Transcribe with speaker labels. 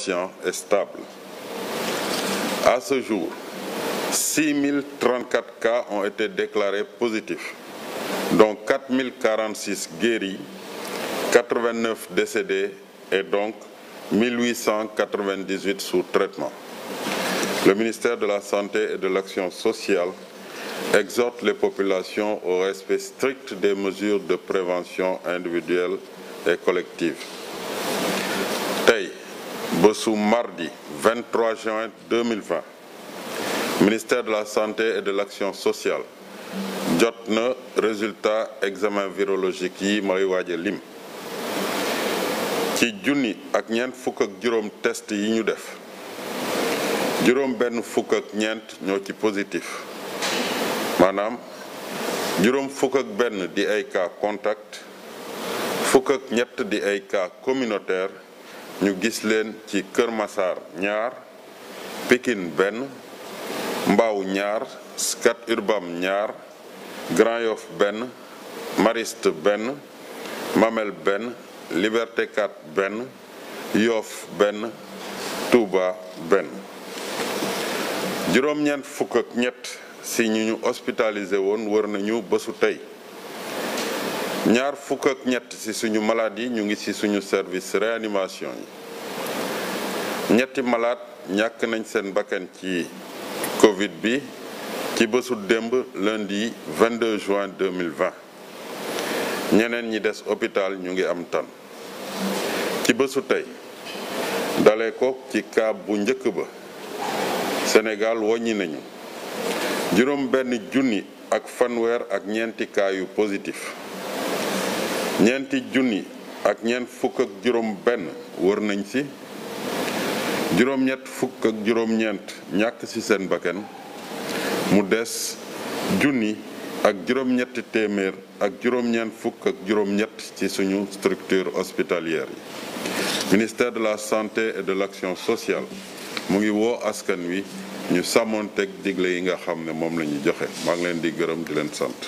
Speaker 1: patient est stable. À ce jour, 6034 cas ont été déclarés positifs, dont 4046 guéris, 89 décédés et donc 1898 sous traitement. Le ministère de la Santé de l'Action sociale exhorte les populations au respect des mesures de prévention individuelle et collective. bésu mardi 23 juin 2020 ministère de la santé et de l'action sociale jot na résultat examen virologique yi may waaja lim ci junni ak ñeent fukk ak juróom test yi ñu def juróom benn ñoo ci positif maanaam juróom fukk ak benn di ay cas contact fukk ak ñett di ay cas communautaire ñu gis leen ci Kër Massar ñaar pikin benn Mbao ñaar Scat Urbam ñaar Grand Yoff benn Mariste benn Mamel benn Liberté 4 benn Yoff benn Touba benn juróom-ñeent fukk ak ñett si ñu hospitalisé woon wër nañu bésu tey ñaar fukk ak ñett ci suñu malade yi ñu ngi ci suñu service réanimation yi ñetti malaat ñàkk nañ seen bakkan ci Covid bi ci bésu démb lundi 22 juin 2020 ñeneen ñi des hôpital ñu ngi am tan ci bésu tey dale ko ci kaab bu njëkk ba Sénégal woññi nañu juróom benn junni ak fanweer ak ñeenti cas positif ñeenti junni ak ñeent fukk ak juróom benn wër nañ ci juróom ñàkk ci seen bakken mu des junni ak ak juróom ak juróom ci suñu structure hospitalière yi ministère de la santé et de l'action sociale mu ngi woo askan wi ñu sàmmoon teg digle yi nga xam ne moom la joxe maa ngi leen di gërëm di leen sant